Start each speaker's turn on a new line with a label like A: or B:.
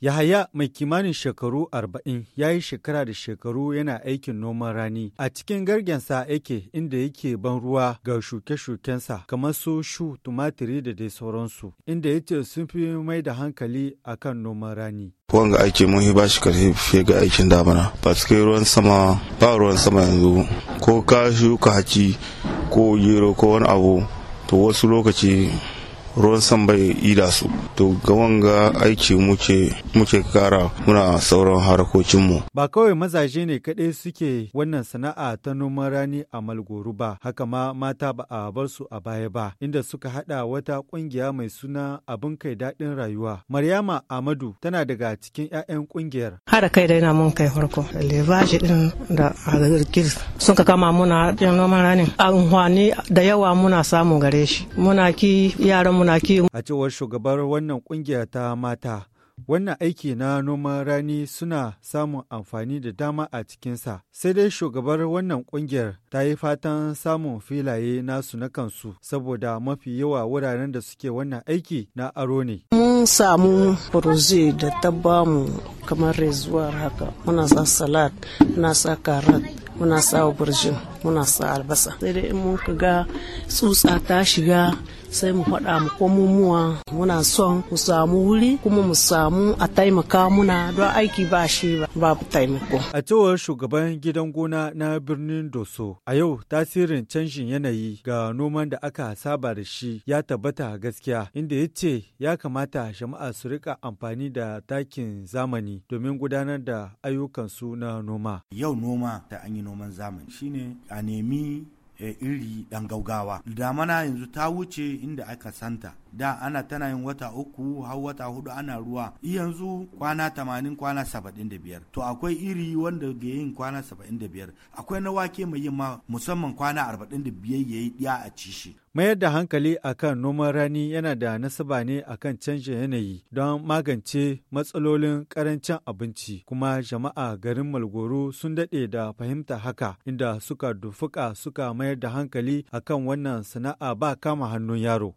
A: Yahaya mai kimanin shekaru arba'in ya yi shekara da shekaru yana aikin noman rani a cikin gargensa yake inda yake ban ruwa ga shuke-shukensa kamar su shu tumatiri da dai sauransu inda yace sun fi mai da hankali akan noman rani.
B: wanga aiki mun yi bashi karfi fiye ga aikin damana ba su kai ruwan sama ba ruwan sama yanzu ko ka shuka haki ko gero ko wani abu to wasu lokaci ruwan san bai ida su to ga wanga aiki muke muke kara muna sauran harkokin
A: ba kawai mazaje ne kaɗai suke wannan sana'a ta noman rani a malgoru ba haka ma mata ba a bar su a baya ba inda suka hada wata kungiya mai suna abin kai daɗin rayuwa maryama amadu tana daga cikin 'ya'yan kungiyar
C: hada kai dai na mun kai farko levaji din da agirgir sun ka kama muna noman a unhwani da yawa muna samu gare shi muna ki yaran munaki.
A: A cewar shugabar
C: wannan kungiya
A: ta mata, wannan aiki na noman rani suna samun amfani da dama a cikinsa. Sai dai shugabar wannan kungiyar ta yi fatan samun filaye nasu na kansu saboda mafi yawa wuraren da suke wannan aiki na aro ne.
D: Mun samu furuzi da ta bamu kamar rezuwar haka, muna sa salad, muna sa karat, muna sa burjin. muna sa albasa sai dai in mun ga tsutsa ta shiga sai mu faɗa mu komomuwa muna son mu samu wuri kuma mu samu a taimaka muna don aiki ba shi ba babu taimako. A cewar
A: shugaban gidan gona na birnin Doso a yau tasirin canjin yanayi ga noman da aka saba da shi ya tabbata gaskiya inda ya ce ya kamata jama'a su rika amfani da takin zamani domin gudanar da ayyukansu na noma.
E: Yau noma da an yi noman zamani shine a nemi eh, iri dan gaugawa damana yanzu ta wuce inda aka santa da ana tana yin wata uku har wata hudu ana ruwa yanzu kwana tamanin kwana saba'in da biyar to akwai iri wanda ga yin kwana saba'in da biyar akwai na wake mai yin ma musamman kwana arba'in da biyar ya yi ɗiya a ci
A: shi mayar da hankali akan noman rani yana da nasaba ne akan canjin yanayi don magance matsalolin karancin abinci kuma jama'a garin malgoro sun daɗe da fahimta haka inda suka dufuka suka mayar da hankali akan wannan sana'a ba kama hannun yaro